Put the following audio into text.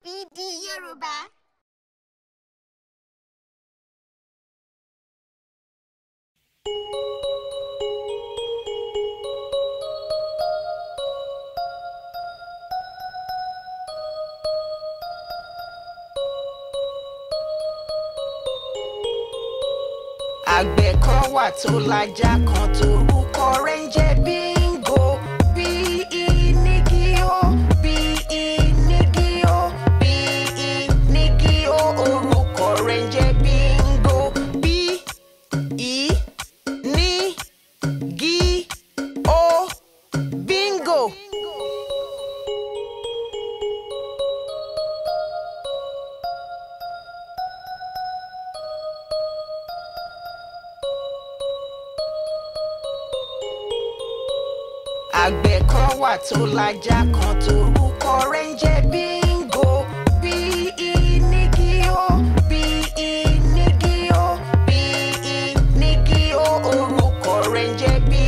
BD Yorùbá. àgbẹ̀ kan wà tó lajá kan torúkọ rẹ̀ ń jẹ́ bíi. Bingo. àgbẹ̀ kan wà tó lajá kan torúkọ rẹ̀ ń jẹ́ bíngò bí inigi ó bí inigi ó bí inigi ó orúkọ rẹ̀ ń jẹ́ bíngò.